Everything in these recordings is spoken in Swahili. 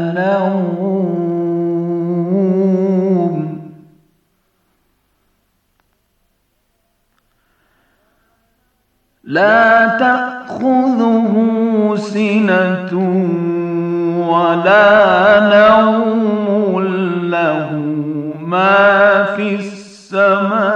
نوم لا تأخذه سنة ولا نوم له ما في السماء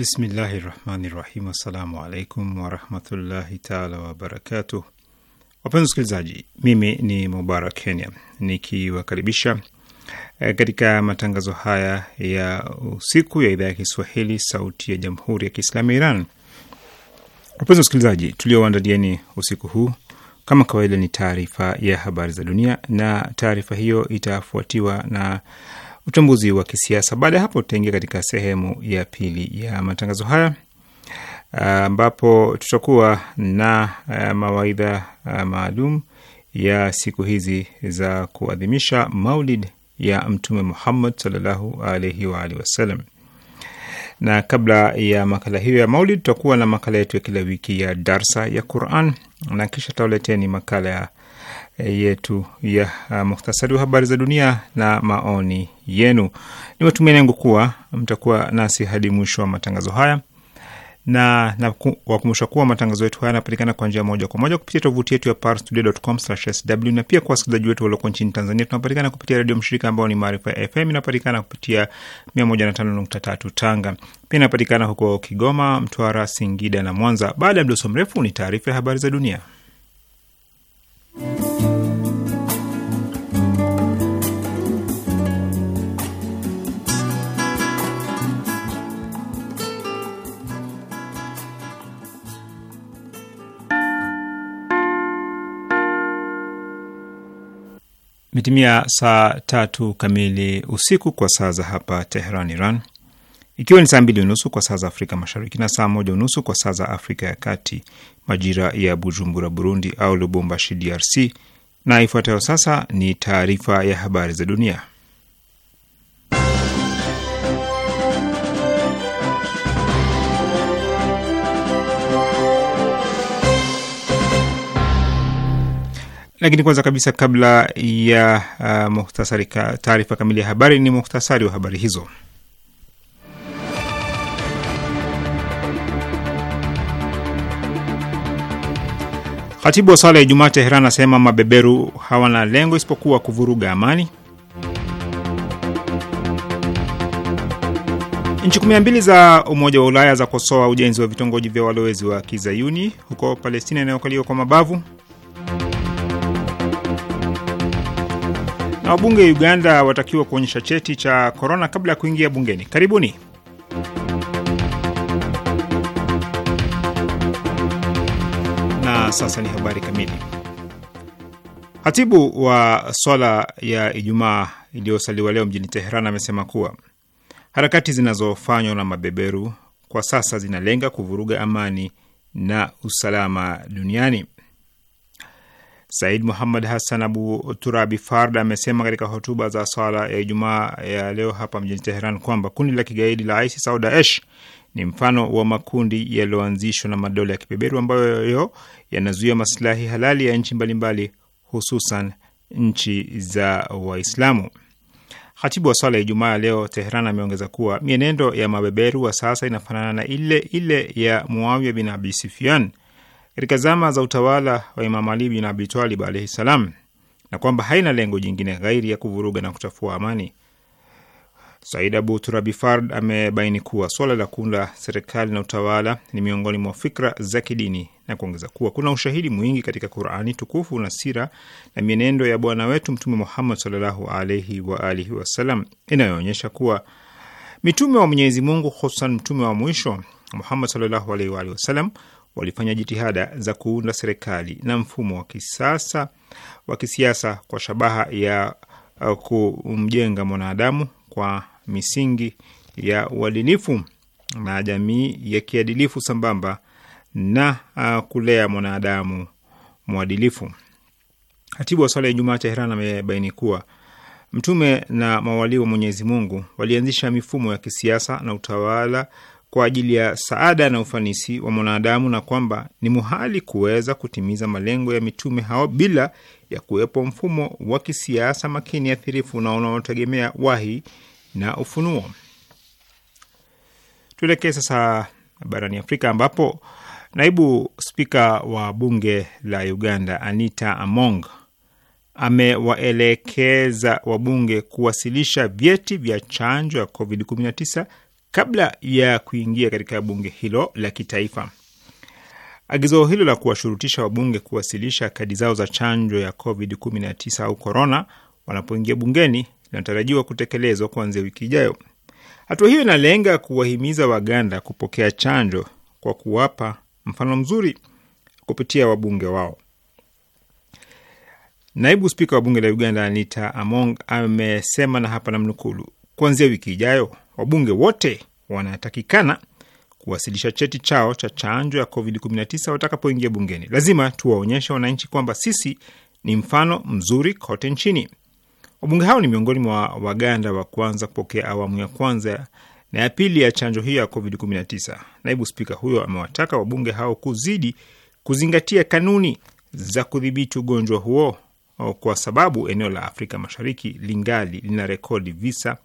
Bismillahi rahmani rahim. Assalamu alaikum warahmatullahi taala wabarakatuh. Wapenzi wasikilizaji, mimi ni Mubarak Kenya nikiwakaribisha eh, katika matangazo haya ya usiku ya idhaa ya Kiswahili sauti ya jamhuri ya Kiislamu ya Iran. Wapenzi wasikilizaji, tulioandalieni usiku huu kama kawaida ni taarifa ya habari za dunia, na taarifa hiyo itafuatiwa na uchambuzi wa kisiasa. Baada ya hapo, tutaingia katika sehemu ya pili ya matangazo haya ah, ambapo uh, tutakuwa na uh, mawaidha uh, maalum ya siku hizi za kuadhimisha Maulid ya Mtume Muhammad sallallahu alaihi wa alihi wasallam. Na kabla ya makala hiyo ya Maulid, tutakuwa na makala yetu ya kila wiki ya darsa ya Quran, na kisha tutawaleteni makala ya yetu ya yeah, uh, muhtasari wa habari za dunia na maoni yenu. Ni matumaini yangu kuwa mtakuwa nasi hadi mwisho wa matangazo haya na, na wakumbusha kuwa matangazo yetu haya yanapatikana kwa njia moja kwa moja kupitia tovuti yetu ya parstoday.com/sw na pia kwa wasikilizaji wetu walioko nchini Tanzania tunapatikana kupitia redio mshirika ambao ni Maarifa ya FM, inapatikana kupitia 105.3 Tanga, pia inapatikana huko Kigoma, Mtwara, Singida na Mwanza. Baada ya mdoso mrefu, ni taarifa ya habari za dunia. Imetimia saa tatu kamili usiku kwa saa za hapa Teheran, Iran, ikiwa ni saa mbili unusu kwa saa za Afrika Mashariki na saa moja unusu kwa saa za Afrika ya Kati, majira ya Bujumbura, Burundi, au Lubumbashi, DRC. Na ifuatayo sasa ni taarifa ya habari za dunia, lakini kwanza kabisa, kabla ya uh, muhtasari taarifa kamili ya habari, ni muhtasari wa habari hizo. Khatibu wa sala ya Ijumaa Teheran anasema mabeberu hawana lengo isipokuwa kuvuruga amani. Nchi kumi na mbili za Umoja wa Ulaya za kosoa ujenzi wa vitongoji vya walowezi wa kizayuni huko Palestina inayokaliwa kwa mabavu. Na wabunge Uganda watakiwa kuonyesha cheti cha korona kabla ya kuingia bungeni. Karibuni. sasa ni habari kamili. Hatibu wa swala ya Ijumaa iliyosaliwa leo mjini Teheran amesema kuwa harakati zinazofanywa na mabeberu kwa sasa zinalenga kuvuruga amani na usalama duniani. Said Muhammad Hassan Abu Turabi Fard amesema katika hotuba za swala ya Ijumaa ya leo hapa mjini Teheran kwamba kundi la kigaidi la ISIS au Daesh ni mfano wa makundi yaliyoanzishwa na madola ya kibeberu ambayo yanazuia masilahi halali ya nchi mbalimbali, hususan nchi za Waislamu. Khatibu wa swala ya Ijumaa leo Teheran ameongeza kuwa mienendo ya mabeberu wa sasa inafanana na ile ile ya Muawiya bin Abi Sufyan katika zama za utawala wa Imam Ali bin Abi Talib alaihi salam, na kwamba haina lengo jingine ghairi ya kuvuruga na kuchafua amani. Said Abu Turabi Fard amebaini kuwa suala la kuunda serikali na utawala ni miongoni mwa fikra za kidini na kuongeza kuwa kuna ushahidi mwingi katika Qurani tukufu na sira na mienendo ya bwana wetu Mtume Muhammad sallallahu alaihi wa alihi wasallam inayoonyesha kuwa mitume wa Mwenyezi Mungu hususan mtume wa mwisho Muhammad sallallahu alaihi wa alihi wasallam walifanya jitihada za kuunda serikali na mfumo wa kisasa wa kisiasa kwa shabaha ya uh, kumjenga mwanadamu kwa misingi ya uadilifu na jamii ya kiadilifu sambamba na uh, kulea mwanadamu mwadilifu. Katibu wa swala ya Ijumaa Teheran amebaini kuwa mtume na mawalii wa Mwenyezi Mungu walianzisha mifumo ya kisiasa na utawala kwa ajili ya saada na ufanisi wa mwanadamu na kwamba ni muhali kuweza kutimiza malengo ya mitume hao bila ya kuwepo mfumo wa kisiasa makini athirifu na unaotegemea wahi na ufunuo. Tuelekee sasa barani Afrika ambapo naibu spika wa bunge la Uganda Anita Among amewaelekeza wabunge kuwasilisha vyeti vya chanjo ya COVID-19 kabla ya kuingia katika bunge hilo la kitaifa. Agizo hilo la kuwashurutisha wabunge kuwasilisha kadi zao za chanjo ya COVID-19 au korona wanapoingia bungeni linatarajiwa kutekelezwa kuanzia wiki ijayo. Hatua hiyo inalenga kuwahimiza Waganda kupokea chanjo kwa kuwapa mfano mzuri kupitia wabunge wao. Naibu spika wa bunge la Uganda Anita Among amesema, na hapa namnukulu, kuanzia wiki ijayo wabunge wote wanatakikana kuwasilisha cheti chao cha chanjo ya COVID-19 watakapoingia bungeni. Lazima tuwaonyeshe wananchi kwamba sisi ni mfano mzuri kote nchini. Wabunge hao ni miongoni mwa Waganda wa kwanza kupokea awamu ya kwanza na ya pili ya chanjo hiyo ya COVID-19. Naibu spika huyo amewataka wabunge hao kuzidi kuzingatia kanuni za kudhibiti ugonjwa huo kwa sababu eneo la Afrika Mashariki lingali lina rekodi visa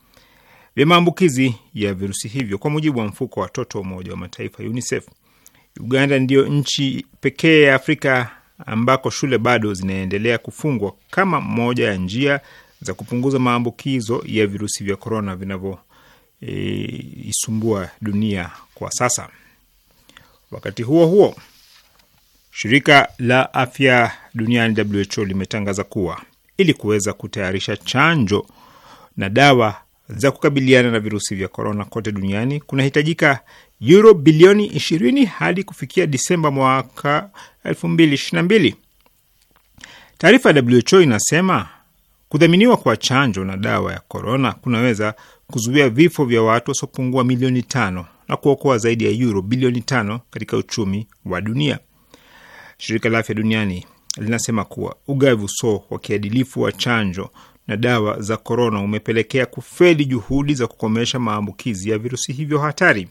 vya maambukizi ya virusi hivyo. Kwa mujibu wa mfuko wa watoto wa Umoja wa Mataifa UNICEF, Uganda ndiyo nchi pekee ya Afrika ambako shule bado zinaendelea kufungwa kama moja ya njia za kupunguza maambukizo ya virusi vya korona vinavyoisumbua e, dunia kwa sasa. Wakati huo huo, shirika la afya duniani WHO limetangaza kuwa ili kuweza kutayarisha chanjo na dawa za kukabiliana na virusi vya korona kote duniani kunahitajika euro bilioni 20 hadi kufikia Disemba mwaka 2022. Taarifa ya WHO inasema Kudhaminiwa kwa chanjo na dawa ya korona kunaweza kuzuia vifo vya watu wasiopungua milioni tano na kuokoa zaidi ya yuro bilioni tano katika uchumi wa dunia. Shirika la Afya Duniani linasema kuwa ugavi usio wa kiadilifu wa chanjo na dawa za korona umepelekea kufeli juhudi za kukomesha maambukizi ya virusi hivyo hatari.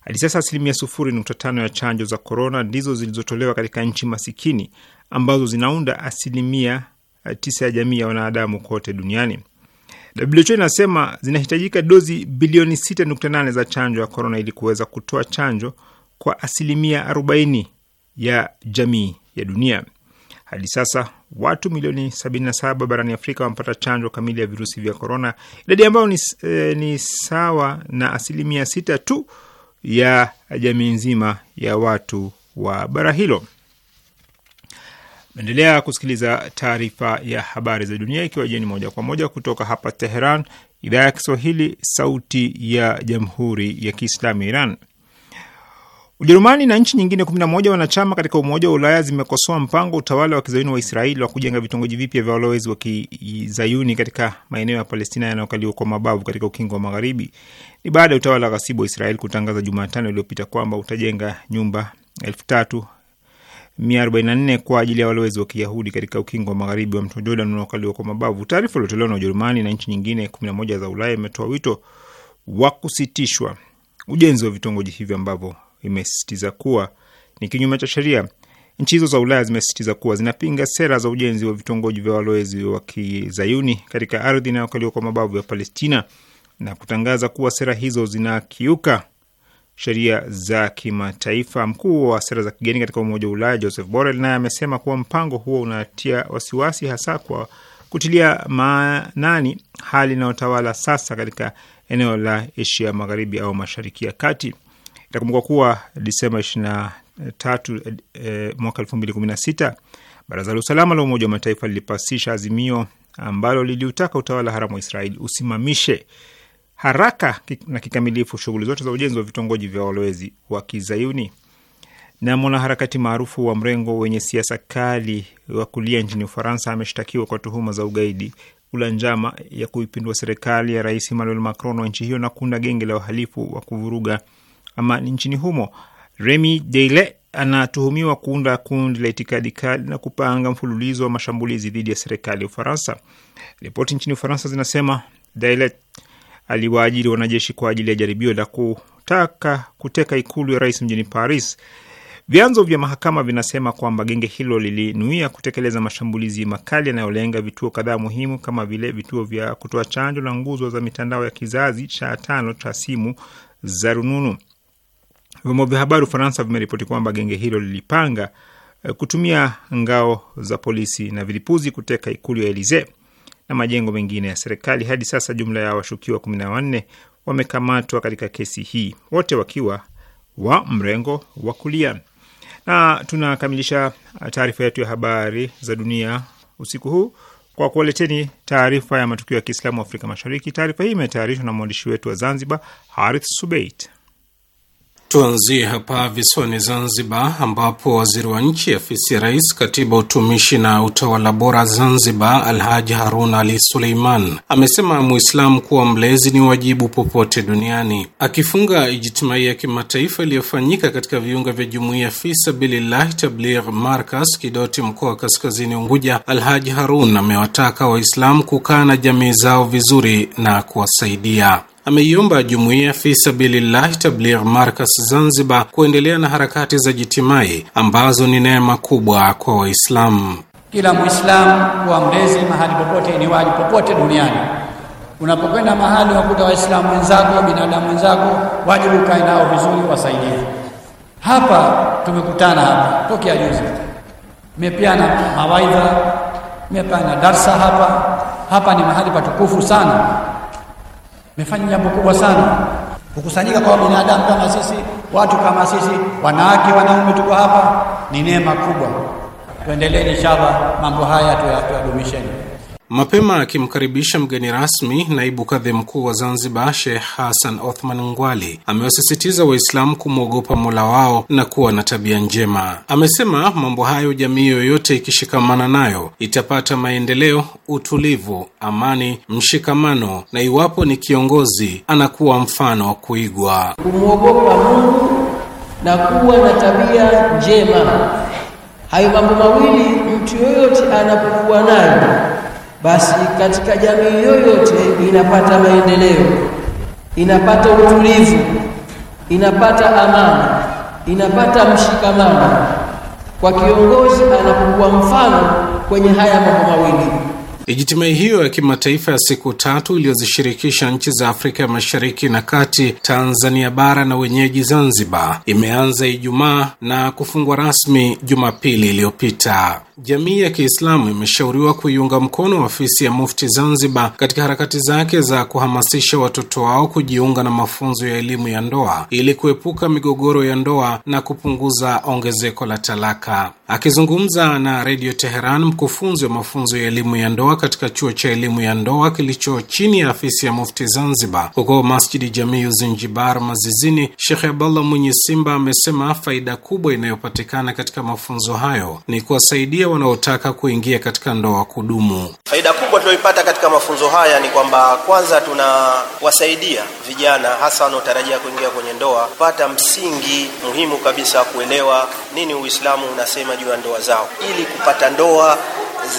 Hadi sasa asilimia sufuri nukta tano ya chanjo za korona ndizo zilizotolewa katika nchi masikini ambazo zinaunda asilimia tisa ya jamii ya wanadamu kote duniani. WHO inasema zinahitajika dozi bilioni 6.8 za chanjo ya korona ili kuweza kutoa chanjo kwa asilimia 40 ya jamii ya dunia. Hadi sasa watu milioni 77 barani Afrika wamepata chanjo kamili ya virusi vya korona, idadi ambayo ni, eh, ni sawa na asilimia 6 tu ya jamii nzima ya watu wa bara hilo. Naendelea kusikiliza taarifa ya habari za dunia ikiwa jeni moja kwa moja kutoka hapa Teheran, idhaa ya Kiswahili, sauti ya jamhuri ya kiislamu ya Iran. Ujerumani na nchi nyingine 11 wanachama katika Umoja wa Ulaya zimekosoa mpango utawala wa kizayuni wa Israeli wa kujenga vitongoji vipya vya walowezi wa kizayuni katika maeneo ya Palestina yanayokaliwa kwa mabavu katika ukingo wa Magharibi. Ni baada ya utawala ghasibu wa Israeli kutangaza Jumatano iliyopita kwamba utajenga nyumba elfu tatu 144 kwa ajili ya walowezi wa Kiyahudi katika ukingo wa magharibi wa mto Jordan unaokaliwa kwa mabavu. Taarifa iliyotolewa na Ujerumani na nchi nyingine 11 za Ulaya imetoa wito wa kusitishwa ujenzi wa vitongoji hivyo ambavyo imesisitiza kuwa ni kinyume cha sheria. Nchi hizo za Ulaya zimesisitiza kuwa zinapinga sera za ujenzi wa vitongoji vya walowezi wa kizayuni katika ardhi inayokaliwa kwa mabavu ya Palestina na kutangaza kuwa sera hizo zinakiuka sheria za kimataifa. Mkuu wa sera za kigeni katika Umoja wa Ulaya Joseph Borrell naye amesema kuwa mpango huo unatia wasiwasi, hasa kwa kutilia maanani hali inayotawala sasa katika eneo la Asia Magharibi au Mashariki ya Kati. Itakumbuka kuwa Disemba 23 eh, mwaka 2016 Baraza la Usalama la Umoja wa Mataifa lilipasisha azimio ambalo liliutaka utawala haramu wa Israeli usimamishe haraka na kikamilifu shughuli zote za ujenzi wa vitongoji vya walowezi wa Kizayuni. Na mwanaharakati maarufu wa mrengo wenye siasa kali wa kulia nchini Ufaransa ameshtakiwa kwa tuhuma za ugaidi, kula njama ya kuipindua serikali ya Rais Emmanuel Macron wa nchi hiyo na kuunda genge la uhalifu wa kuvuruga amani nchini humo. Remy Deyle anatuhumiwa kuunda kundi la itikadi kali na kupanga mfululizo wa mashambulizi dhidi ya serikali ya Ufaransa. Ripoti nchini Ufaransa zinasema Deyle aliwaajiri wanajeshi kwa ajili ya jaribio la kutaka kuteka ikulu ya rais mjini Paris. Vyanzo vya mahakama vinasema kwamba genge hilo lilinuia kutekeleza mashambulizi makali yanayolenga vituo kadhaa muhimu kama vile vituo vya kutoa chanjo na nguzo za mitandao ya kizazi cha tano cha simu za rununu. Vyombo vya habari Ufaransa vimeripoti kwamba genge hilo lilipanga eh, kutumia ngao za polisi na vilipuzi kuteka ikulu ya Elisee na majengo mengine ya serikali. Hadi sasa jumla ya washukiwa kumi na wanne wamekamatwa katika kesi hii, wote wakiwa wa mrengo wa kulia. Na tunakamilisha uh, taarifa yetu ya habari za dunia usiku huu kwa kuwaleteni taarifa ya matukio ya Kiislamu Afrika Mashariki. Taarifa hii imetayarishwa na mwandishi wetu wa Zanzibar, Harith Subeit. Tuanzie hapa visiwani Zanzibar, ambapo waziri wa nchi afisi ya rais, katiba, utumishi na utawala bora Zanzibar, Alhaji Harun Ali Suleiman amesema Muislamu kuwa mlezi ni wajibu popote duniani. Akifunga ijitimai ya kimataifa iliyofanyika katika viunga vya jumuiya Fisabilillah Tabligh Markas, Kidoti, mkoa wa Kaskazini Unguja, Alhaji Harun amewataka Waislamu kukaa na jamii zao vizuri na kuwasaidia ameiomba jumuiya Fisabilillahi Tabligh Markas Zanzibar kuendelea na harakati za jitimai ambazo ni neema kubwa kwa Waislamu. Kila Mwislamu wa mlezi mahali popote, ni wali popote duniani. Unapokwenda mahali wakuta Waislamu wenzako, binadamu wenzako, wajibu ukae nao vizuri, wasaidie. Hapa tumekutana hapa tokea juzi, mepeana mawaidha, mepeana darsa hapa. Hapa ni mahali patukufu sana mefanya jambo kubwa sana, kukusanyika kwa binadamu kama sisi, watu kama sisi, wanawake wanaume, tuko hapa, ni neema kubwa. Tuendelee inshallah, mambo haya tuyadumisheni. Mapema akimkaribisha mgeni rasmi, naibu kadhi mkuu wa Zanzibar Sheikh Hassan Othman Ngwali amewasisitiza Waislamu kumwogopa Mola wao na kuwa na tabia njema. Amesema mambo hayo jamii yoyote ikishikamana nayo itapata maendeleo, utulivu, amani, mshikamano, na iwapo ni kiongozi anakuwa mfano wa kuigwa. Kumwogopa Mungu na kuwa na tabia njema, hayo mambo mawili mtu yoyote anapokuwa nayo basi katika jamii yoyote inapata maendeleo, inapata utulivu, inapata amani, inapata mshikamano kwa kiongozi anapokuwa mfano kwenye haya mambo mawili. Ijitimai hiyo ya kimataifa ya siku tatu iliyozishirikisha nchi za Afrika ya Mashariki na Kati, Tanzania bara na wenyeji Zanzibar imeanza Ijumaa na kufungwa rasmi Jumapili iliyopita. Jamii ya Kiislamu imeshauriwa kuiunga mkono ofisi ya Mufti Zanzibar katika harakati zake za kuhamasisha watoto wao kujiunga na mafunzo ya elimu ya ndoa ili kuepuka migogoro ya ndoa na kupunguza ongezeko la talaka. Akizungumza na Redio Teheran, mkufunzi wa mafunzo ya elimu ya ndoa katika chuo cha elimu ya ndoa kilicho chini ya afisi ya Mufti Zanzibar huko Masjidi jamii uzinjibar Mazizini, Shekhe Abdallah Mwenye Simba amesema faida kubwa inayopatikana katika mafunzo hayo ni kuwasaidia familia wanaotaka kuingia katika ndoa kudumu. Faida kubwa tunayoipata katika mafunzo haya ni kwamba kwanza, tunawasaidia vijana hasa wanaotarajia kuingia kwenye ndoa kupata msingi muhimu kabisa wa kuelewa nini Uislamu unasema juu ya ndoa zao, ili kupata ndoa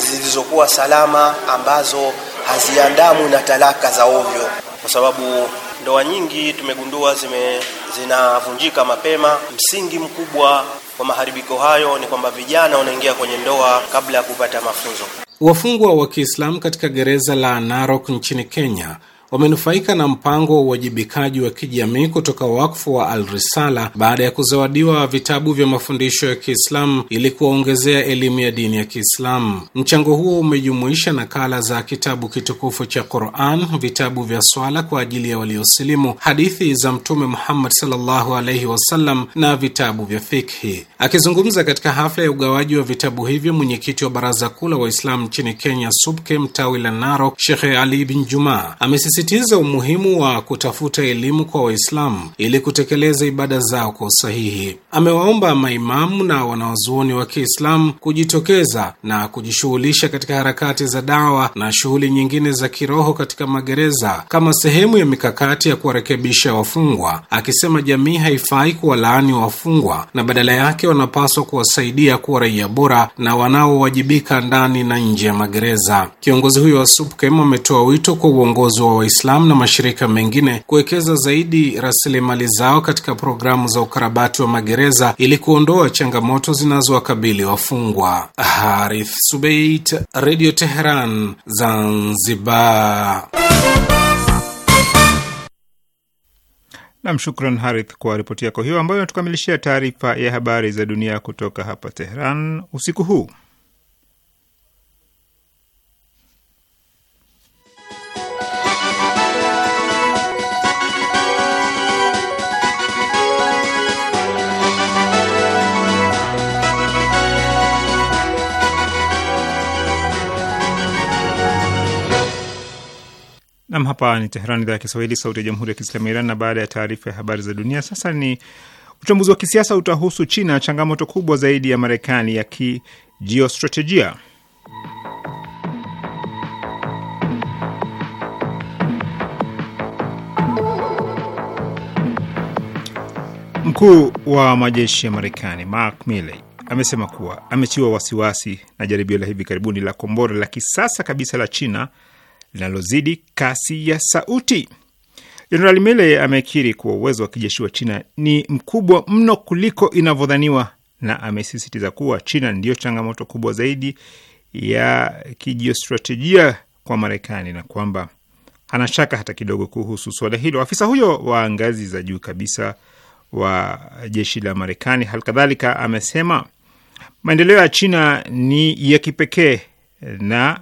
zilizokuwa salama ambazo haziandamu na talaka za ovyo, kwa sababu ndoa nyingi tumegundua zime zinavunjika mapema. Msingi mkubwa kwa maharibiko hayo ni kwamba vijana wanaingia kwenye ndoa kabla ya kupata mafunzo. Wafungwa wa Kiislamu katika gereza la Narok nchini Kenya wamenufaika na mpango wa uwajibikaji wa kijamii kutoka wakfu wa Alrisala baada ya kuzawadiwa vitabu vya mafundisho ya Kiislamu ili kuwaongezea elimu ya dini ya Kiislamu. Mchango huo umejumuisha nakala za kitabu kitukufu cha Quran, vitabu vya swala kwa ajili ya waliosilimu, hadithi za Mtume Muhammad sallallahu alaihi wasallam na vitabu vya fikhi. Akizungumza katika hafla ya ugawaji wa vitabu hivyo, mwenyekiti wa Baraza Kuu la Waislamu nchini Kenya, SUPKEM tawi la Narok, Shekhe Ali bin Juma Anasisitiza umuhimu wa kutafuta elimu kwa Waislamu ili kutekeleza ibada zao kwa usahihi. Amewaomba maimamu na wanawazuoni wa Kiislamu kujitokeza na kujishughulisha katika harakati za dawa na shughuli nyingine za kiroho katika magereza kama sehemu ya mikakati ya kuwarekebisha wafungwa, akisema jamii haifai kuwalaani wafungwa na badala yake wanapaswa kuwasaidia kuwa raia bora na wanaowajibika ndani na nje ya magereza. Kiongozi huyo wa SUPKEM ametoa wito kwa uongozi wa Waislamu na mashirika mengine kuwekeza zaidi rasilimali zao katika programu za ukarabati wa magereza ili kuondoa changamoto zinazowakabili wafungwa. Harith Subeit, Radio Teheran, Zanzibar. Nam, shukran Harith kwa ripoti yako hiyo ambayo inatukamilishia taarifa ya habari za dunia kutoka hapa Teheran usiku huu. Nam, hapa ni Teheran, idhaa ya Kiswahili, sauti ya jamhuri ya kiislamu ya Iran. Na baada ya taarifa ya habari za dunia, sasa ni uchambuzi wa kisiasa. Utahusu China, changamoto kubwa zaidi ya Marekani ya kijiostrategia. Mkuu wa majeshi ya Marekani Mark Milley amesema kuwa ametiwa wasiwasi na jaribio la hivi karibuni la kombora la kisasa kabisa la China linalozidi kasi ya sauti. Jenerali Mele amekiri kuwa uwezo wa kijeshi wa China ni mkubwa mno kuliko inavyodhaniwa na amesisitiza kuwa China ndiyo changamoto kubwa zaidi ya kijiostrategia kwa Marekani na kwamba hana shaka hata kidogo kuhusu suala hilo. Afisa huyo wa ngazi za juu kabisa wa jeshi la Marekani halikadhalika amesema maendeleo ya China ni ya kipekee na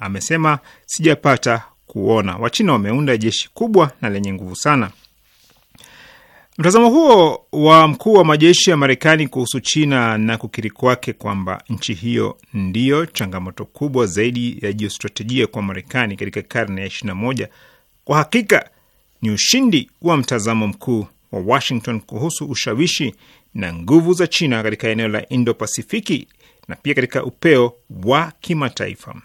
amesema sijapata kuona. Wachina wameunda jeshi kubwa na lenye nguvu sana. Mtazamo huo wa mkuu wa majeshi ya Marekani kuhusu China na kukiri kwake kwamba nchi hiyo ndiyo changamoto kubwa zaidi ya jiostratejia kwa Marekani katika karne ya 21 kwa hakika ni ushindi wa mtazamo mkuu wa Washington kuhusu ushawishi na nguvu za China katika eneo la Indo-Pasifiki na pia katika upeo wa kimataifa.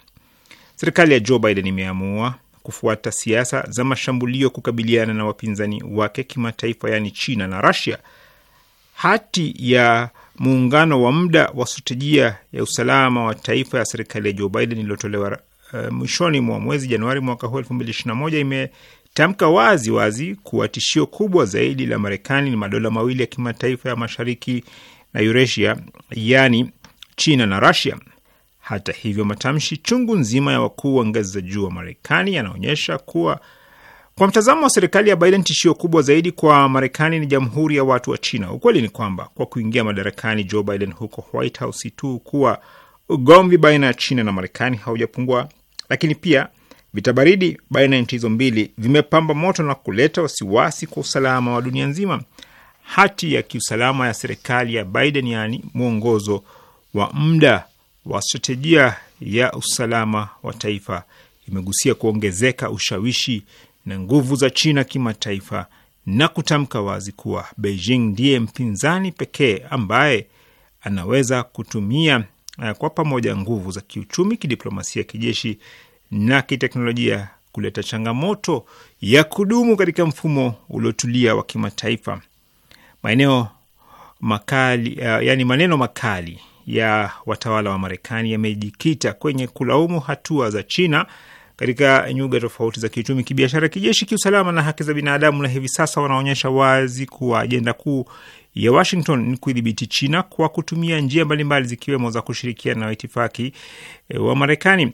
Serikali ya Joe Biden imeamua kufuata siasa za mashambulio kukabiliana na wapinzani wake kimataifa, yaani China na Russia. Hati ya muungano wa muda wa stratejia ya usalama wa taifa ya serikali ya Joe Biden iliyotolewa uh, mwishoni mwa mwezi Januari mwaka huu 2021 imetamka wazi wazi kuwa tishio kubwa zaidi la Marekani ni madola mawili ya kimataifa ya mashariki na Eurasia, yaani China na Russia. Hata hivyo, matamshi chungu nzima ya wakuu wa ngazi za juu wa Marekani yanaonyesha kuwa kwa mtazamo wa serikali ya Biden, tishio kubwa zaidi kwa Marekani ni jamhuri ya watu wa China. Ukweli ni kwamba kwa kuingia madarakani Joe Biden huko White House, si tu kuwa ugomvi baina ya China na Marekani haujapungua, lakini pia vita baridi baina ya nchi hizo mbili vimepamba moto na kuleta wasiwasi kwa usalama wa dunia nzima. Hati ya kiusalama ya serikali ya Biden, yaani mwongozo wa muda wa stratejia ya usalama wa taifa imegusia kuongezeka ushawishi na nguvu za China kimataifa na kutamka wazi kuwa Beijing ndiye mpinzani pekee ambaye anaweza kutumia eh, kwa pamoja nguvu za kiuchumi, kidiplomasia, kijeshi na kiteknolojia kuleta changamoto ya kudumu katika mfumo uliotulia wa kimataifa. Maeneo makali, eh, yani maneno makali ya watawala wa Marekani yamejikita kwenye kulaumu hatua za China katika nyuga tofauti za kiuchumi, kibiashara, kijeshi, kiusalama na haki za binadamu, na hivi sasa wanaonyesha wazi kuwa ajenda kuu ya Washington ni kuidhibiti China kwa kutumia njia mbalimbali zikiwemo za kushirikiana na waitifaki e, wa Marekani.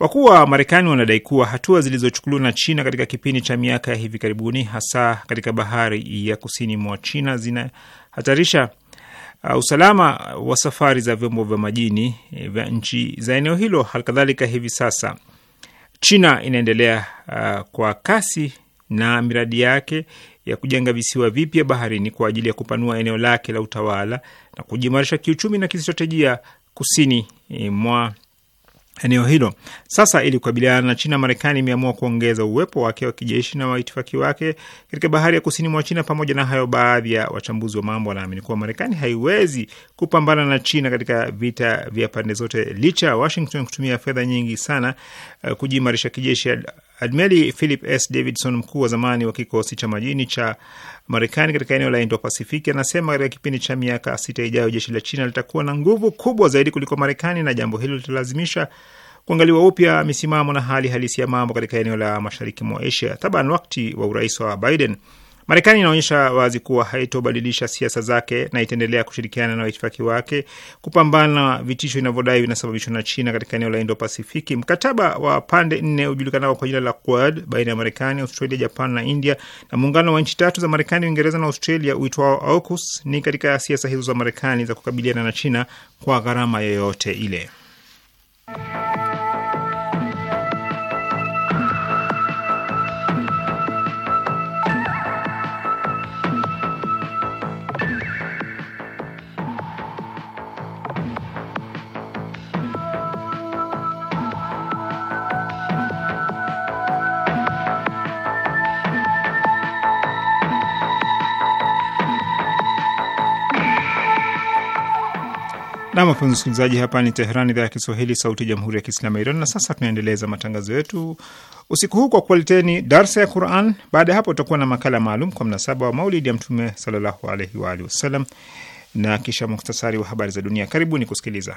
Wakuu wa Marekani wanadai kuwa hatua zilizochukuliwa na China katika kipindi cha miaka ya hivi karibuni, hasa katika bahari ya kusini mwa China, zinahatarisha Uh, usalama wa safari za vyombo vya majini eh, vya nchi za eneo hilo. Halikadhalika, hivi sasa China inaendelea uh, kwa kasi na miradi yake ya kujenga visiwa vipya baharini kwa ajili ya kupanua eneo lake la utawala na kujimarisha kiuchumi na kistratejia kusini eh, mwa eneo hilo. Sasa ili kukabiliana na China, Marekani imeamua kuongeza uwepo wake wa kijeshi na waitifaki wake katika bahari ya kusini mwa China. Pamoja na hayo, baadhi ya wachambuzi wa mambo wanaamini kuwa Marekani haiwezi kupambana na China katika vita vya pande zote, licha ya Washington kutumia fedha nyingi sana uh, kujiimarisha kijeshi. Admeli Philip S Davidson, mkuu wa zamani wa kikosi cha majini cha Marekani katika eneo la Indo Pasifiki. Anasema katika kipindi cha miaka sita ijayo jeshi la China litakuwa na nguvu kubwa zaidi kuliko Marekani, na jambo hilo litalazimisha kuangaliwa upya misimamo na hali halisi ya mambo katika eneo la mashariki mwa Asia. Taban wakati wa urais wa Biden Marekani inaonyesha wazi kuwa haitobadilisha siasa zake na itaendelea kushirikiana na waitifaki wake kupambana na vitisho inavyodai vinasababishwa na China katika eneo la Indo Pasifiki. Mkataba wa pande nne hujulikanao kwa jina la Quad baina ya Marekani, Australia, Japan na India na muungano wa nchi tatu za Marekani, Uingereza na Australia uitwao AUKUS ni katika siasa hizo za Marekani za kukabiliana na China kwa gharama yoyote ile. Nam, wapenzi msikilizaji, hapa ni Teherani, idhaa ya Kiswahili, sauti ya jamhuri ya kiislamu ya Iran. Na sasa tunaendeleza matangazo yetu usiku huu kwa kualiteni darsa ya Quran. Baada ya hapo, utakuwa na makala maalum kwa mnasaba wa maulidi ya Mtume sallallahu alaihi waalihi wasalam, na kisha muktasari wa habari za dunia. Karibuni kusikiliza.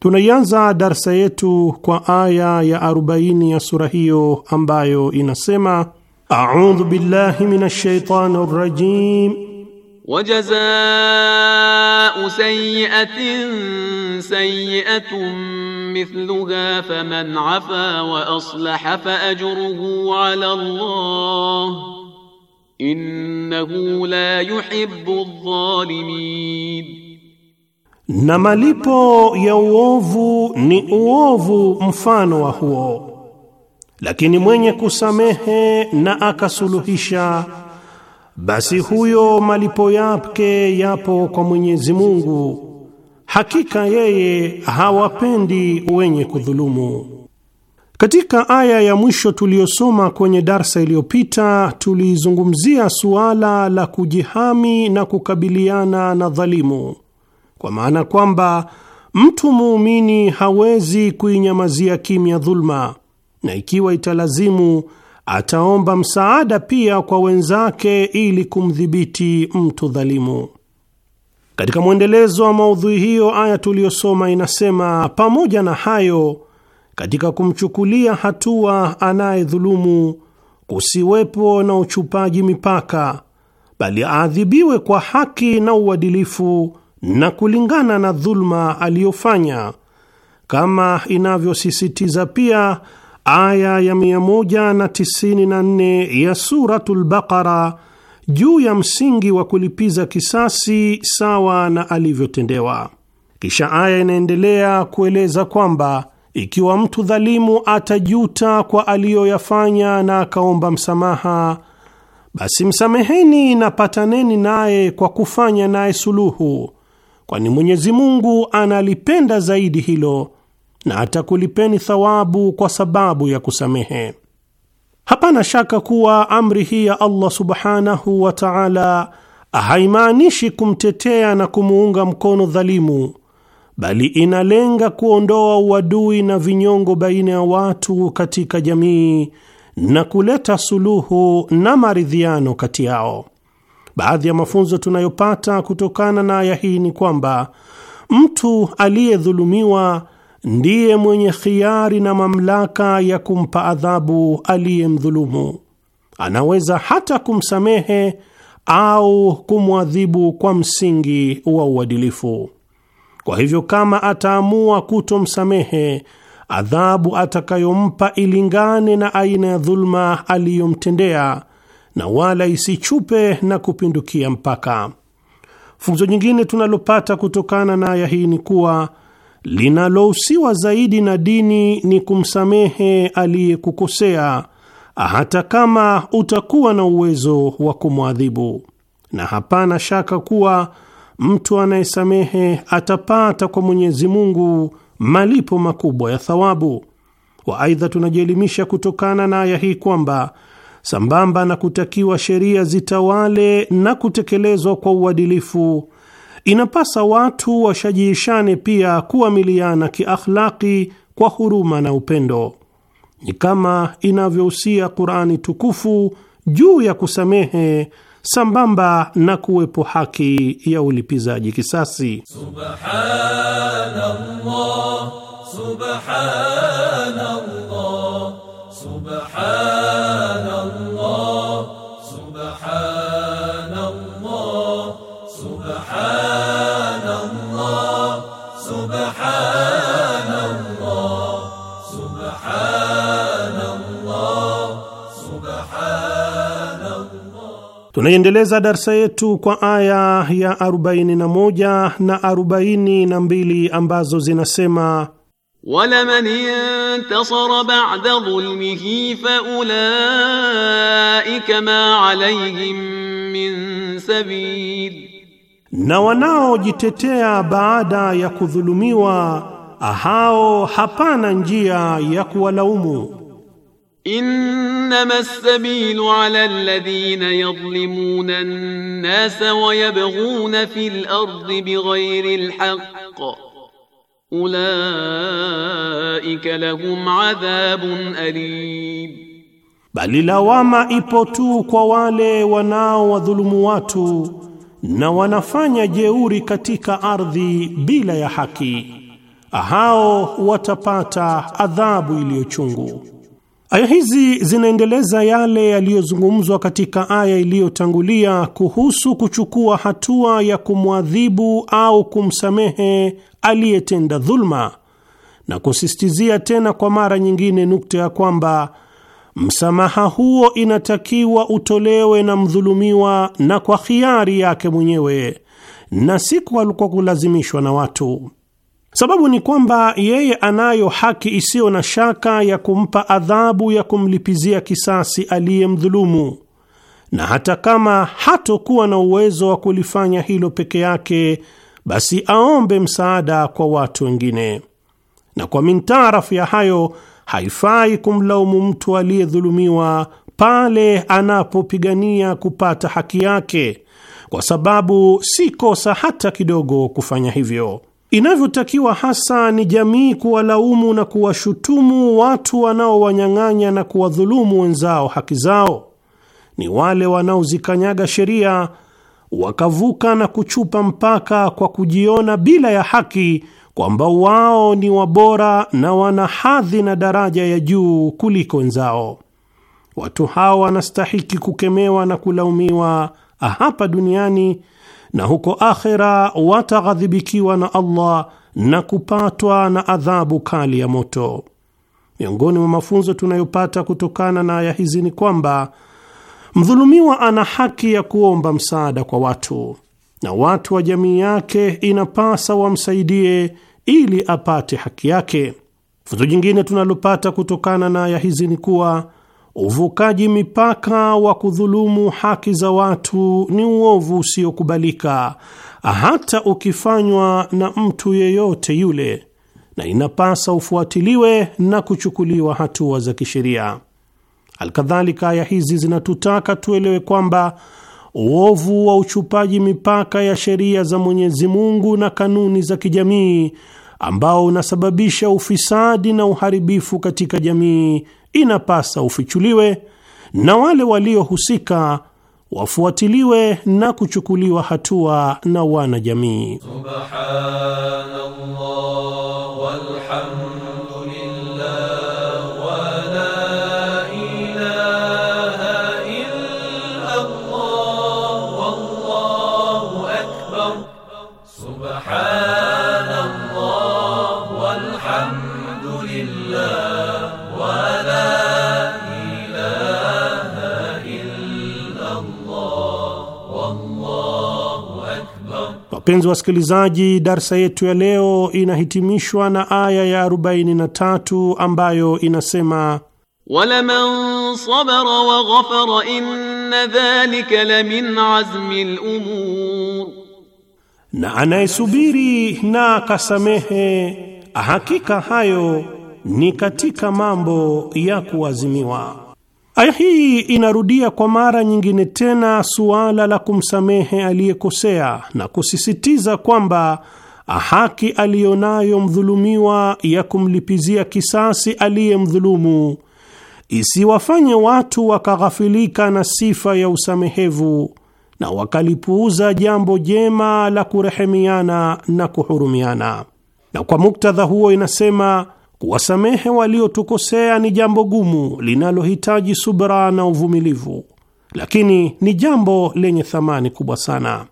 Tunaianza darsa yetu kwa aya ya 40 ya sura hiyo ambayo inasema: audhu billahi minash shaitani rrajim wajazau sayiatin sayiatun mithluha faman afa wa aslaha faajruhu ala Allah innahu la yuhibbu adh-dhalimin na malipo ya uovu ni uovu mfano wa huo, lakini mwenye kusamehe na akasuluhisha, basi huyo malipo yake yapo kwa Mwenyezi Mungu, hakika yeye hawapendi wenye kudhulumu. Katika aya ya mwisho tuliyosoma kwenye darsa iliyopita, tulizungumzia suala la kujihami na kukabiliana na dhalimu kwa maana kwamba mtu muumini hawezi kuinyamazia kimya dhuluma, na ikiwa italazimu ataomba msaada pia kwa wenzake ili kumdhibiti mtu dhalimu. Katika mwendelezo wa maudhui hiyo, aya tuliyosoma inasema, pamoja na hayo, katika kumchukulia hatua anayedhulumu kusiwepo na uchupaji mipaka, bali aadhibiwe kwa haki na uadilifu na kulingana na dhulma aliyofanya, kama inavyosisitiza pia aya ya 194 ya Suratul Baqara juu ya msingi wa kulipiza kisasi sawa na alivyotendewa. Kisha aya inaendelea kueleza kwamba ikiwa mtu dhalimu atajuta kwa aliyoyafanya na akaomba msamaha, basi msameheni na pataneni naye kwa kufanya naye suluhu kwani Mwenyezi Mungu analipenda zaidi hilo na atakulipeni thawabu kwa sababu ya kusamehe. Hapana shaka kuwa amri hii ya Allah subhanahu wa ta'ala haimaanishi kumtetea na kumuunga mkono dhalimu, bali inalenga kuondoa uadui na vinyongo baina ya watu katika jamii na kuleta suluhu na maridhiano kati yao. Baadhi ya mafunzo tunayopata kutokana na aya hii ni kwamba mtu aliyedhulumiwa ndiye mwenye khiari na mamlaka ya kumpa adhabu aliyemdhulumu. Anaweza hata kumsamehe au kumwadhibu kwa msingi wa uadilifu. Kwa hivyo, kama ataamua kutomsamehe, adhabu atakayompa ilingane na aina ya dhuluma aliyomtendea na wala isichupe na kupindukia mpaka. Funzo nyingine tunalopata kutokana na aya hii ni kuwa linalohusiwa zaidi na dini ni kumsamehe aliyekukosea hata kama utakuwa na uwezo wa kumwadhibu, na hapana shaka kuwa mtu anayesamehe atapata kwa Mwenyezi Mungu malipo makubwa ya thawabu. Waaidha, tunajielimisha kutokana na aya hii kwamba sambamba na kutakiwa sheria zitawale na kutekelezwa kwa uadilifu, inapasa watu washajiishane pia kuamiliana kiakhlaki kwa huruma na upendo, ni kama inavyohusia Qurani tukufu juu ya kusamehe sambamba na kuwepo haki ya ulipizaji kisasi. Subhanallah, subhanallah, subhanallah. Tunaiendeleza darsa yetu kwa aya ya 41 na 42 ambazo zinasema Walaman intasara ba'da dhulmihi fa ulaika ma alayhim min sabil, na wanaojitetea baada ya kudhulumiwa hao hapana njia ya kuwalaumu. Innama as-sabilu ala alladhina yadhlimuna an-nasa wa yabghuna fil ardi bighayri al-haqq ulaika lahum adhabun alim, bali lawama ipo tu kwa wale wanaowadhulumu watu na wanafanya jeuri katika ardhi bila ya haki, hao watapata adhabu iliyochungu. Aya hizi zinaendeleza yale yaliyozungumzwa katika aya iliyotangulia kuhusu kuchukua hatua ya kumwadhibu au kumsamehe aliyetenda dhulma na kusisitizia tena kwa mara nyingine nukta ya kwamba msamaha huo inatakiwa utolewe na mdhulumiwa na kwa khiari yake mwenyewe na si kwa kulazimishwa na watu. Sababu ni kwamba yeye anayo haki isiyo na shaka ya kumpa adhabu ya kumlipizia kisasi aliyemdhulumu, na hata kama hatokuwa na uwezo wa kulifanya hilo peke yake, basi aombe msaada kwa watu wengine. Na kwa mintarafu ya hayo, haifai kumlaumu mtu aliyedhulumiwa pale anapopigania kupata haki yake, kwa sababu si kosa hata kidogo kufanya hivyo. Inavyotakiwa hasa ni jamii kuwalaumu na kuwashutumu watu wanaowanyang'anya na kuwadhulumu wenzao haki zao, ni wale wanaozikanyaga sheria wakavuka na kuchupa mpaka kwa kujiona bila ya haki kwamba wao ni wabora na wana hadhi na daraja ya juu kuliko wenzao. Watu hawa wanastahiki kukemewa na kulaumiwa ah, hapa duniani na huko akhera wataghadhibikiwa na Allah na kupatwa na adhabu kali ya moto. Miongoni mwa mafunzo tunayopata kutokana na aya hizi ni kwamba mdhulumiwa ana haki ya kuomba msaada kwa watu na watu wa jamii yake inapasa wamsaidie ili apate haki yake. Funzo jingine tunalopata kutokana na aya hizi ni kuwa Uvukaji mipaka wa kudhulumu haki za watu ni uovu usiokubalika hata ukifanywa na mtu yeyote yule, na inapasa ufuatiliwe na kuchukuliwa hatua za kisheria. Alkadhalika, aya hizi zinatutaka tuelewe kwamba uovu wa uchupaji mipaka ya sheria za Mwenyezi Mungu na kanuni za kijamii ambao unasababisha ufisadi na uharibifu katika jamii inapasa ufichuliwe na wale waliohusika wafuatiliwe na kuchukuliwa hatua na wanajamii. Subhanallah Wapenzi wasikilizaji, darsa yetu ya leo inahitimishwa na aya ya 43 ambayo inasema walaman sabara wa ghafara inna dhalika lamin azmi al-umur, na anayesubiri na akasamehe, hakika hayo ni katika mambo ya kuazimiwa. Aya hii inarudia kwa mara nyingine tena suala la kumsamehe aliyekosea na kusisitiza kwamba haki aliyonayo mdhulumiwa ya kumlipizia kisasi aliyemdhulumu isiwafanye watu wakaghafilika na sifa ya usamehevu na wakalipuuza jambo jema la kurehemiana na kuhurumiana. Na kwa muktadha huo inasema Kuwasamehe waliotukosea ni jambo gumu linalohitaji subra na uvumilivu, lakini ni jambo lenye thamani kubwa sana.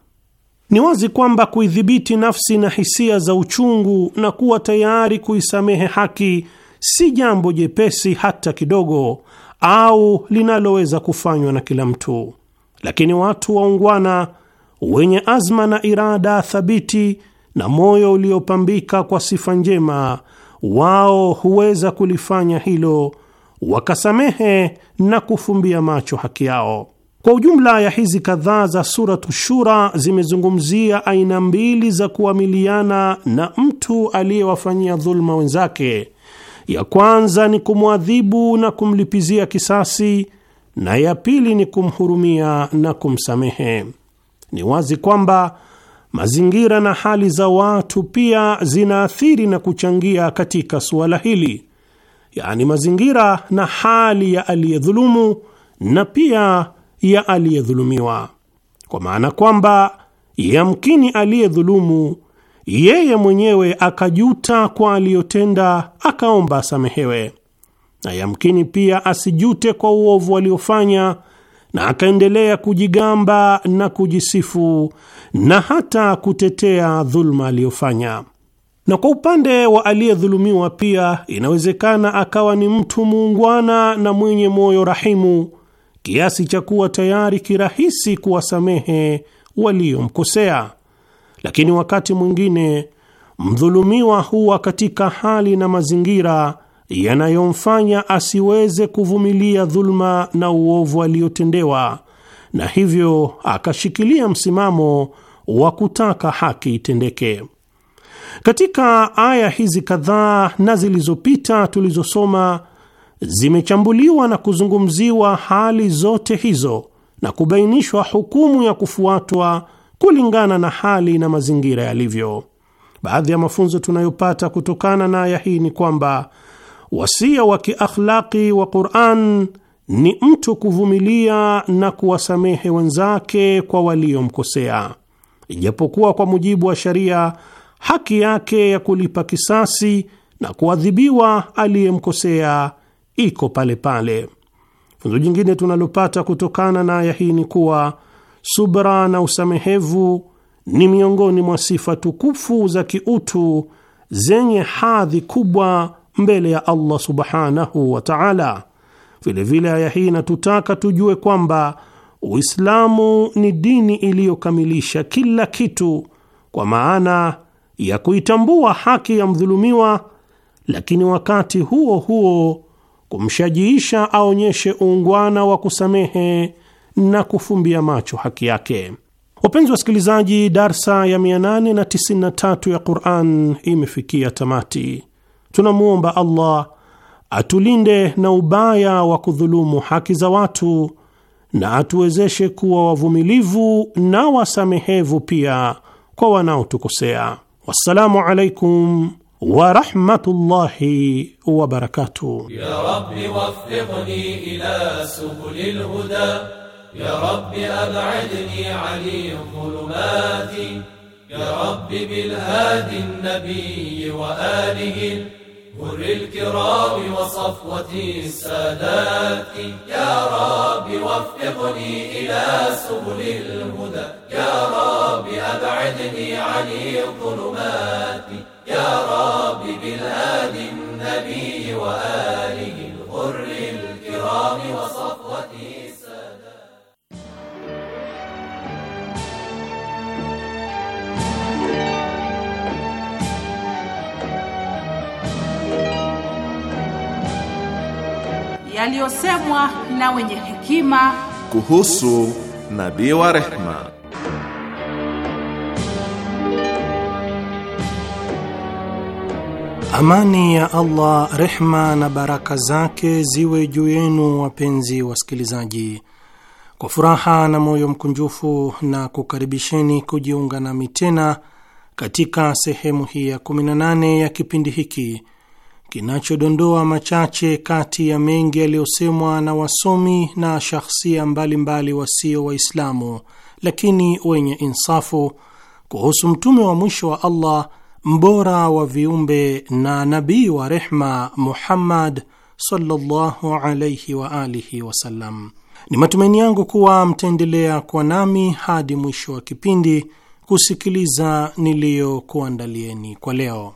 Ni wazi kwamba kuidhibiti nafsi na hisia za uchungu na kuwa tayari kuisamehe haki si jambo jepesi hata kidogo, au linaloweza kufanywa na kila mtu, lakini watu waungwana wenye azma na irada thabiti na moyo uliopambika kwa sifa njema wao huweza kulifanya hilo wakasamehe na kufumbia macho haki yao. Kwa ujumla ya hizi kadhaa za Suratu Shura zimezungumzia aina mbili za kuamiliana na mtu aliyewafanyia dhuluma wenzake. Ya kwanza ni kumwadhibu na kumlipizia kisasi, na ya pili ni kumhurumia na kumsamehe. Ni wazi kwamba Mazingira na hali za watu pia zinaathiri na kuchangia katika suala hili, yaani mazingira na hali ya aliyedhulumu na pia ya aliyedhulumiwa, kwa maana kwamba yamkini aliyedhulumu yeye mwenyewe akajuta kwa aliyotenda, akaomba asamehewe, na yamkini pia asijute kwa uovu aliofanya na akaendelea kujigamba na kujisifu na hata kutetea dhuluma aliyofanya. Na kwa upande wa aliyedhulumiwa pia, inawezekana akawa ni mtu muungwana na mwenye moyo rahimu kiasi cha kuwa tayari kirahisi kuwasamehe waliomkosea, lakini wakati mwingine mdhulumiwa huwa katika hali na mazingira yanayomfanya asiweze kuvumilia dhuluma na uovu aliyotendewa, na hivyo akashikilia msimamo wa kutaka haki itendeke. Katika aya hizi kadhaa na zilizopita tulizosoma, zimechambuliwa na kuzungumziwa hali zote hizo na kubainishwa hukumu ya kufuatwa kulingana na hali na mazingira yalivyo. Baadhi ya mafunzo tunayopata kutokana na aya hii ni kwamba Wasia wa kiakhlaki wa Qur'an ni mtu kuvumilia na kuwasamehe wenzake kwa waliomkosea, ijapokuwa kwa mujibu wa sharia haki yake ya kulipa kisasi na kuadhibiwa aliyemkosea iko pale pale. Funzo jingine tunalopata kutokana na aya hii ni kuwa subra na usamehevu ni miongoni mwa sifa tukufu za kiutu zenye hadhi kubwa mbele ya Allah subhanahu wa ta'ala. Vilevile aya hii inatutaka tujue kwamba Uislamu ni dini iliyokamilisha kila kitu kwa maana ya kuitambua haki ya mdhulumiwa, lakini wakati huo huo kumshajiisha aonyeshe uungwana wa kusamehe na kufumbia macho haki yake. Wapenzi wasikilizaji, darsa ya 893 ya Qur'an imefikia tamati. Tunamwomba Allah atulinde na ubaya wa kudhulumu haki za watu na atuwezeshe kuwa wavumilivu na wasamehevu pia kwa wanaotukosea. Wassalamu alaikum wa rahmatullahi wa barakatuh. Ya Rabbi بر الكرام وصفوة السادات يا رب وفقني إلى سبل الهدى يا رب أبعدني عن الظلمات يا رب بالهادي النبي وآله الغر الكرام وصفوة yaliyosemwa na wenye hekima kuhusu nabii wa rehma. Amani ya Allah, rehma na baraka zake ziwe juu yenu, wapenzi wasikilizaji. Kwa furaha na moyo mkunjufu na kukaribisheni kujiunga nami tena katika sehemu hii ya 18 ya kipindi hiki kinachodondoa machache kati ya mengi yaliyosemwa na wasomi na shahsia mbalimbali wasio Waislamu lakini wenye insafu kuhusu mtume wa mwisho wa Allah mbora wa viumbe na nabii wa rehma Muhammad sallallahu alayhi wa alihi wasallam. Ni matumaini yangu kuwa mtaendelea kwa nami hadi mwisho wa kipindi kusikiliza niliyokuandalieni kwa leo.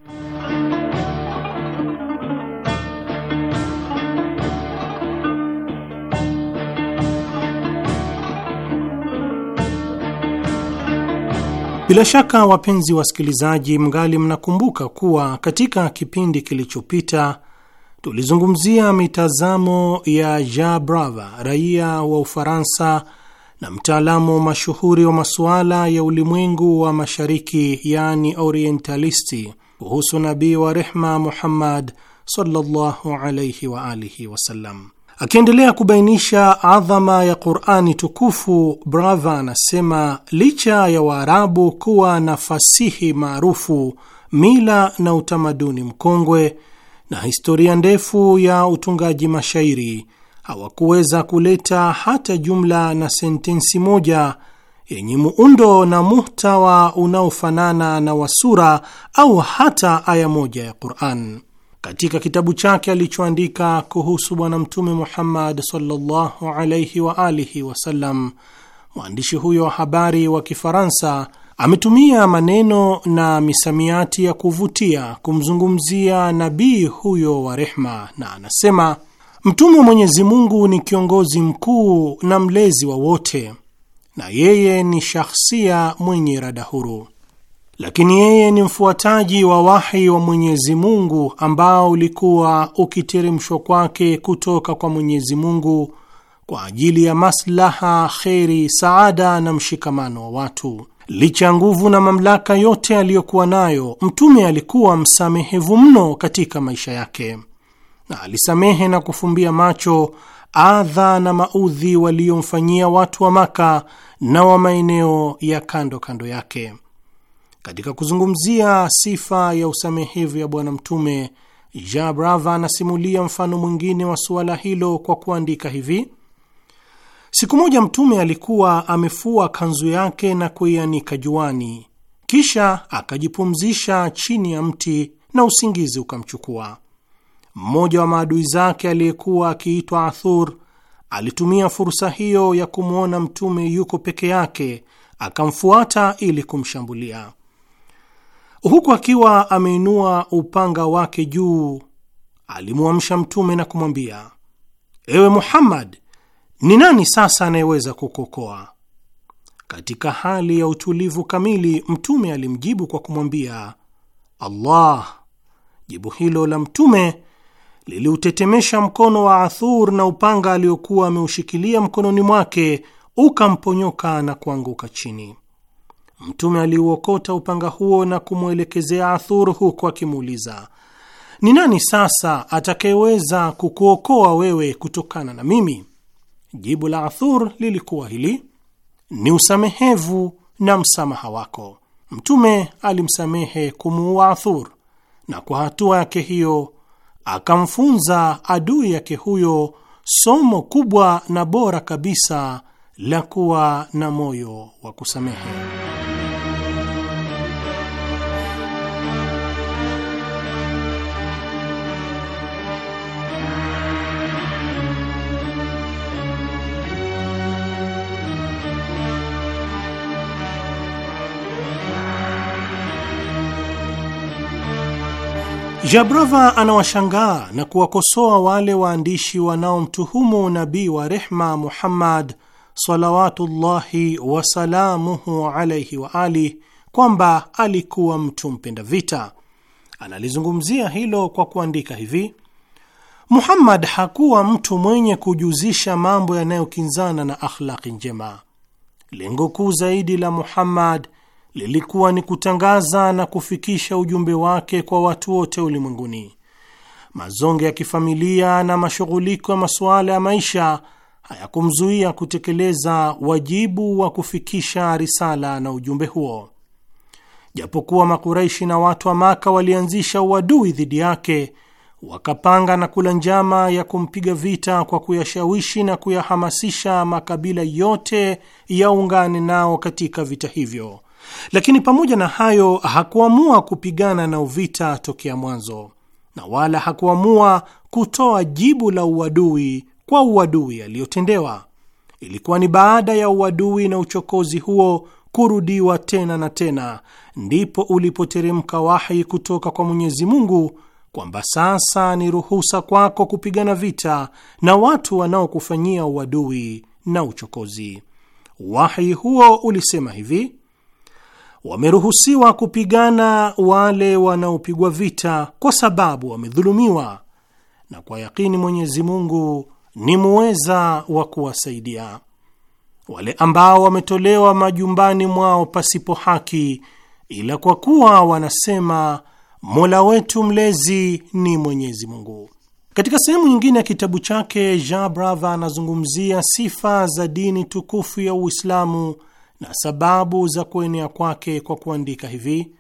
Bila shaka wapenzi wasikilizaji, mngali mnakumbuka kuwa katika kipindi kilichopita tulizungumzia mitazamo ya Ja Brava, raia wa Ufaransa na mtaalamu mashuhuri wa masuala ya ulimwengu wa mashariki, yani orientalisti, kuhusu nabii wa rehma Muhammad sallallahu alayhi wa alihi wasallam. Akiendelea kubainisha adhama ya Qur'ani tukufu, Brava anasema licha ya Waarabu kuwa na fasihi maarufu, mila na utamaduni mkongwe na historia ndefu ya utungaji mashairi, hawakuweza kuleta hata jumla na sentensi moja yenye muundo na muhtawa unaofanana na wasura au hata aya moja ya Qur'an katika kitabu chake alichoandika kuhusu Bwana Mtume Muhammad sallallahu wa alihi wasallam. Mwandishi huyo wa habari wa Kifaransa ametumia maneno na misamiati ya kuvutia kumzungumzia nabii huyo wa rehma, na anasema Mtume wa Mwenyezi Mungu ni kiongozi mkuu na mlezi wa wote, na yeye ni shahsia mwenye rada huru lakini yeye ni mfuataji wa wahi wa Mwenyezi Mungu ambao ulikuwa ukiteremshwa kwake kutoka kwa Mwenyezi Mungu kwa ajili ya maslaha, kheri, saada na mshikamano wa watu. Licha ya nguvu na mamlaka yote aliyokuwa nayo, mtume alikuwa msamehevu mno katika maisha yake, na alisamehe na kufumbia macho adha na maudhi waliomfanyia watu wa Maka na wa maeneo ya kando kando yake. Katika kuzungumzia sifa ya usamehevu ya Bwana Mtume, Ja Brava anasimulia mfano mwingine wa suala hilo kwa kuandika hivi: siku moja Mtume alikuwa amefua kanzu yake na kuianika juani, kisha akajipumzisha chini ya mti na usingizi ukamchukua. Mmoja wa maadui zake aliyekuwa akiitwa Athur alitumia fursa hiyo ya kumwona Mtume yuko peke yake, akamfuata ili kumshambulia huku akiwa ameinua upanga wake juu, alimwamsha Mtume na kumwambia, ewe Muhammad, ni nani sasa anayeweza kukokoa Katika hali ya utulivu kamili, Mtume alimjibu kwa kumwambia Allah. Jibu hilo la Mtume liliutetemesha mkono wa Athur, na upanga aliokuwa ameushikilia mkononi mwake ukamponyoka na kuanguka chini. Mtume aliuokota upanga huo na kumwelekezea Athur huku akimuuliza, ni nani sasa atakayeweza kukuokoa wewe kutokana na mimi? Jibu la Athur lilikuwa hili, ni usamehevu na msamaha wako. Mtume alimsamehe kumuua Athur, na kwa hatua yake hiyo akamfunza adui yake huyo somo kubwa na bora kabisa la kuwa na moyo wa kusamehe. jabrava anawashangaa na kuwakosoa wale waandishi wanaomtuhumu nabii wa rehma Muhammad salawatullahi wasalamuhu alaihi wa ali kwamba alikuwa mtu mpenda vita. Analizungumzia hilo kwa kuandika hivi: Muhammad hakuwa mtu mwenye kujuzisha mambo yanayokinzana na akhlaki njema. Lengo kuu zaidi la Muhammad lilikuwa ni kutangaza na kufikisha ujumbe wake kwa watu wote ulimwenguni. Mazonge ya kifamilia na mashughuliko ya masuala ya maisha hayakumzuia kutekeleza wajibu wa kufikisha risala na ujumbe huo. Japokuwa Makuraishi na watu wa Maka walianzisha uadui dhidi yake, wakapanga na kula njama ya kumpiga vita kwa kuyashawishi na kuyahamasisha makabila yote yaungane nao katika vita hivyo. Lakini pamoja na hayo, hakuamua kupigana na uvita tokea mwanzo na wala hakuamua kutoa jibu la uadui kwa uadui aliyotendewa. Ilikuwa ni baada ya uadui na uchokozi huo kurudiwa tena na tena, ndipo ulipoteremka wahi kutoka kwa Mwenyezi Mungu kwamba sasa ni ruhusa kwako kupigana vita na watu wanaokufanyia uadui na uchokozi. Wahi huo ulisema hivi: wameruhusiwa kupigana wale wanaopigwa vita kwa sababu wamedhulumiwa, na kwa yakini Mwenyezi Mungu ni muweza wa kuwasaidia wale ambao wametolewa majumbani mwao pasipo haki, ila kwa kuwa wanasema Mola wetu mlezi ni Mwenyezi Mungu. Katika sehemu nyingine ya kitabu chake Jean Brava anazungumzia sifa za dini tukufu ya Uislamu na sababu za kuenea kwake kwa kuandika hivi: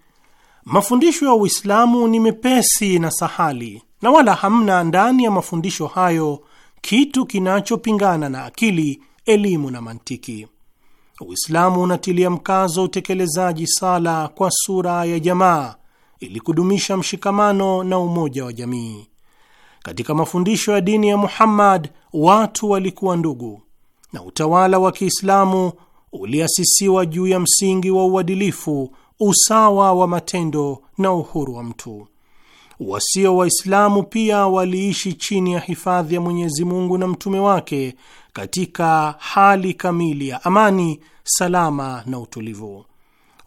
mafundisho ya Uislamu ni mepesi na sahali, na wala hamna ndani ya mafundisho hayo kitu kinachopingana na akili, elimu na mantiki. Uislamu unatilia mkazo utekelezaji sala kwa sura ya jamaa ili kudumisha mshikamano na umoja wa jamii. Katika mafundisho ya dini ya Muhammad watu walikuwa ndugu, na utawala wa Kiislamu uliasisiwa juu ya msingi wa uadilifu, usawa wa matendo na uhuru wa mtu. Wasio Waislamu pia waliishi chini ya hifadhi ya Mwenyezi Mungu na mtume wake katika hali kamili ya amani, salama na utulivu.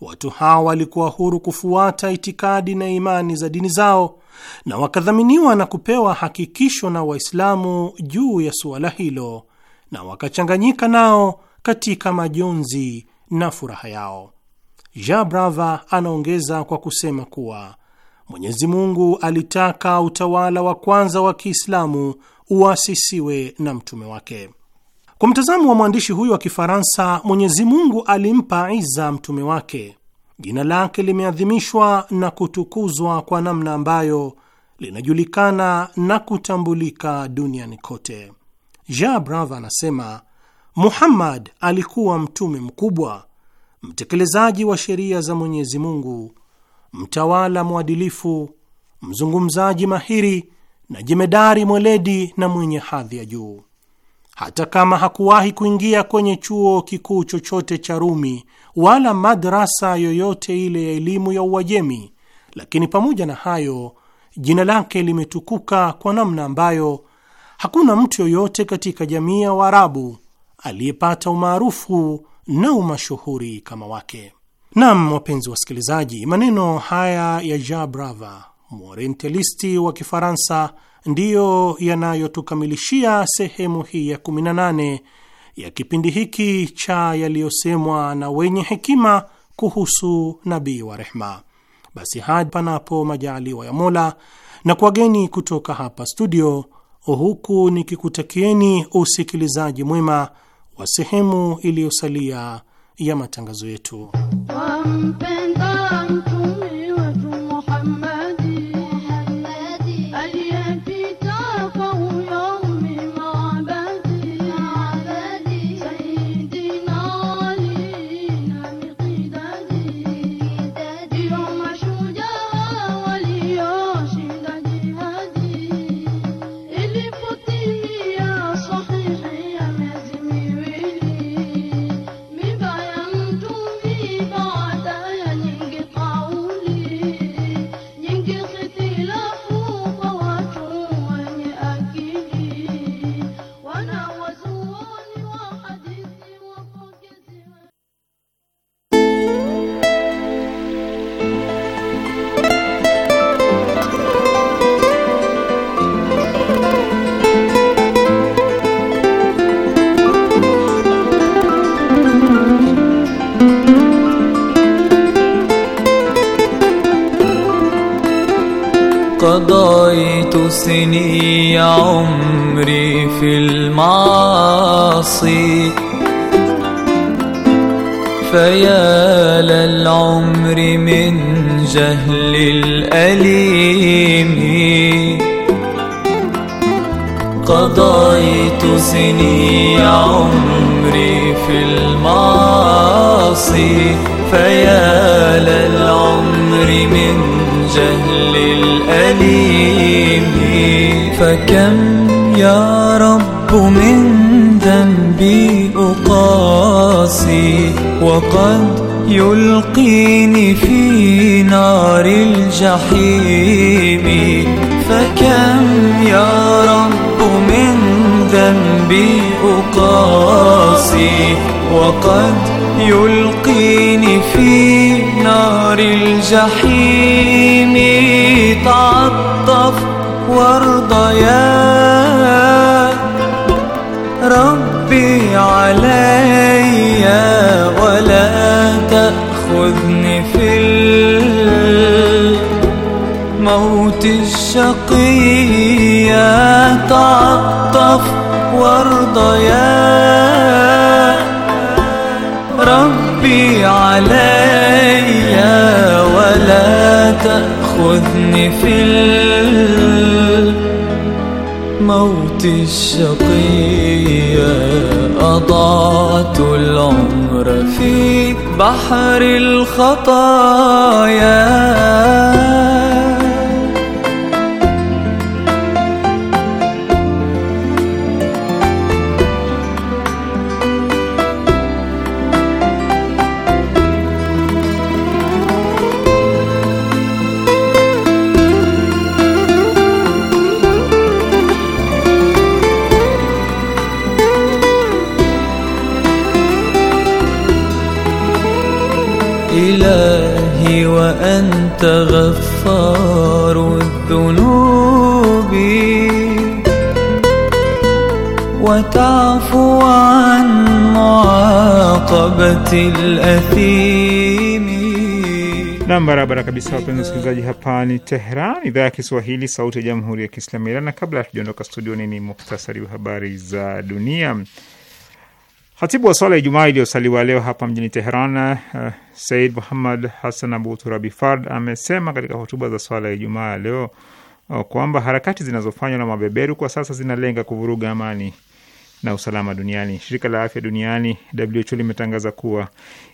Watu hawa walikuwa huru kufuata itikadi na imani za dini zao na wakadhaminiwa na kupewa hakikisho na Waislamu juu ya suala hilo, na wakachanganyika nao katika majonzi na furaha yao. Ja Brava anaongeza kwa kusema kuwa Mwenyezi Mungu alitaka utawala wa kwanza wa Kiislamu uasisiwe na mtume wake. Kwa mtazamo wa mwandishi huyo wa Kifaransa, Mwenyezi Mungu alimpa iza mtume wake, jina lake limeadhimishwa na kutukuzwa kwa namna ambayo linajulikana na kutambulika duniani kote. Ja Brava anasema Muhammad alikuwa mtume mkubwa, mtekelezaji wa sheria za Mwenyezi Mungu, mtawala mwadilifu, mzungumzaji mahiri na jemedari mweledi na mwenye hadhi ya juu. Hata kama hakuwahi kuingia kwenye chuo kikuu chochote cha Rumi wala madrasa yoyote ile ya elimu ya Uajemi, lakini pamoja na hayo jina lake limetukuka kwa namna ambayo hakuna mtu yoyote katika jamii ya Waarabu aliyepata umaarufu na umashuhuri kama wake. Nam, wapenzi wasikilizaji, maneno haya ya Ja Brava, morientalisti wa Kifaransa, ndiyo yanayotukamilishia sehemu hii ya 18 ya kipindi hiki cha yaliyosemwa na wenye hekima kuhusu nabii wa rehma. Basi hadi panapo majaaliwa ya Mola na kuwageni kutoka hapa studio, huku nikikutakieni usikilizaji mwema wa sehemu iliyosalia ya matangazo yetu. سني يا عمري في المعاصي فيا للعمر من جهل الأليم قضيت سني عمري في المعاصي فيا للعمر من جهل الأليم فكم يا رب من ذنبي أقاسي وقد يلقيني في نار الجحيم فكم يا رب من ذنبي أقاسي وقد يلقيني في نار الجحيم طعام وارضى يا ربي علي ولا تأخذني في الموت الشقي تعطف وارضى يا ربي علي ولا تأخذني في الموت الموت الشقية أضعت العمر في بحر الخطايا أنت غفار الذنوب وتعفو عن معاقبة الأثيم Nam, barabara kabisa, wapenzi wasikilizaji, hapa ni Tehran, idhaa ya Kiswahili, sauti ya jamhuri ya kiislamu Iran. Na kabla hatujaondoka studioni, ni muhtasari wa habari za dunia. Khatibu wa swala ya Ijumaa iliyosaliwa leo hapa mjini Teheran, uh, Said Muhammad Hassan Abu Turabi Fard amesema katika hotuba za swala ya Ijumaa ya leo uh, kwamba harakati zinazofanywa na mabeberu kwa sasa zinalenga kuvuruga amani na usalama duniani. Shirika la afya duniani WHO limetangaza kuwa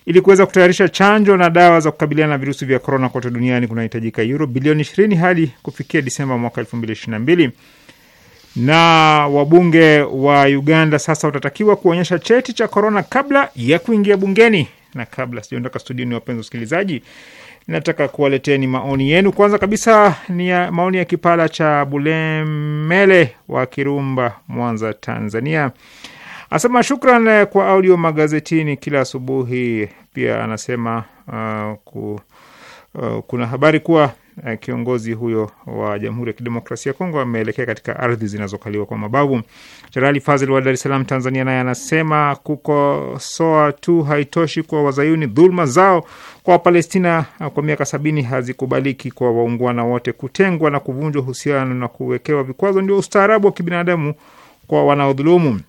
ili kuweza kutayarisha chanjo na dawa za kukabiliana na virusi vya korona kote duniani kunahitajika euro bilioni 20 hadi kufikia Disemba mwaka mbili na wabunge wa Uganda sasa watatakiwa kuonyesha cheti cha korona kabla ya kuingia bungeni. Na kabla sijaondoka studioni, wapenzi wasikilizaji, nataka kuwaleteni maoni yenu. Kwanza kabisa ni maoni ya Kipala cha Bulemele wa Kirumba, Mwanza, Tanzania. Asema shukran eh, kwa audio magazetini kila asubuhi. Pia anasema uh, ku, uh, kuna habari kuwa Eh, kiongozi huyo wa Jamhuri ya Kidemokrasia ya Kongo ameelekea katika ardhi zinazokaliwa kwa mabavu. Jenerali Fazil wa Dar es Salaam, Tanzania, naye anasema kukosoa tu haitoshi kwa Wazayuni. Dhuluma zao kwa Wapalestina eh, kwa miaka sabini hazikubaliki kwa waungwana wote. Kutengwa na kuvunjwa uhusiano na kuwekewa vikwazo ndio ustaarabu wa kibinadamu kwa wanaodhulumu.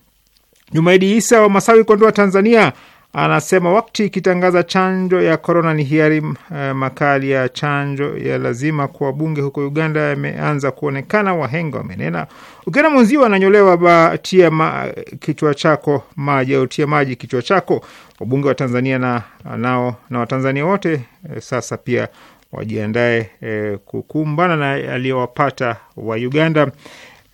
Jumaidi Isa wa Masawi, Kondoa, Tanzania anasema wakati ikitangaza chanjo ya korona ni hiari, eh, makali ya chanjo ya lazima kwa bunge huko Uganda yameanza kuonekana. Wahenga wamenena, ukiona mwenzio ananyolewa, batia ma, kichwa chako maji au tia maji kichwa chako. Wabunge wa Tanzania na nao na Watanzania wote e, sasa pia wajiandae e, kukumbana na aliyowapata wa Uganda.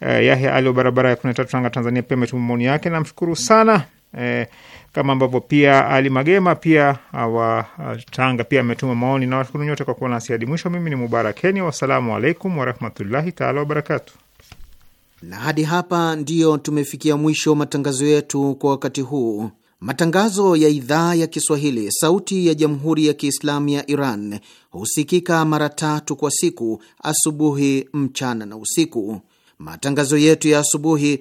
E, Yahya Ali wa barabara ya kumi na tatu Tanga, Tanzania, pia ametuma maoni yake. Namshukuru sana Eh, kama ambavyo pia Ali Magema pia ah, wa ah, Tanga pia ametuma maoni na washukuru nyote kwa kuwa nasi hadi mwisho. Mimi ni Mubarak Kenya, wassalamu alaikum warahmatullahi taala wabarakatu. Na hadi hapa ndiyo tumefikia mwisho matangazo yetu kwa wakati huu. Matangazo ya idhaa ya Kiswahili sauti ya jamhuri ya Kiislamu ya Iran husikika mara tatu kwa siku: asubuhi, mchana na usiku. Matangazo yetu ya asubuhi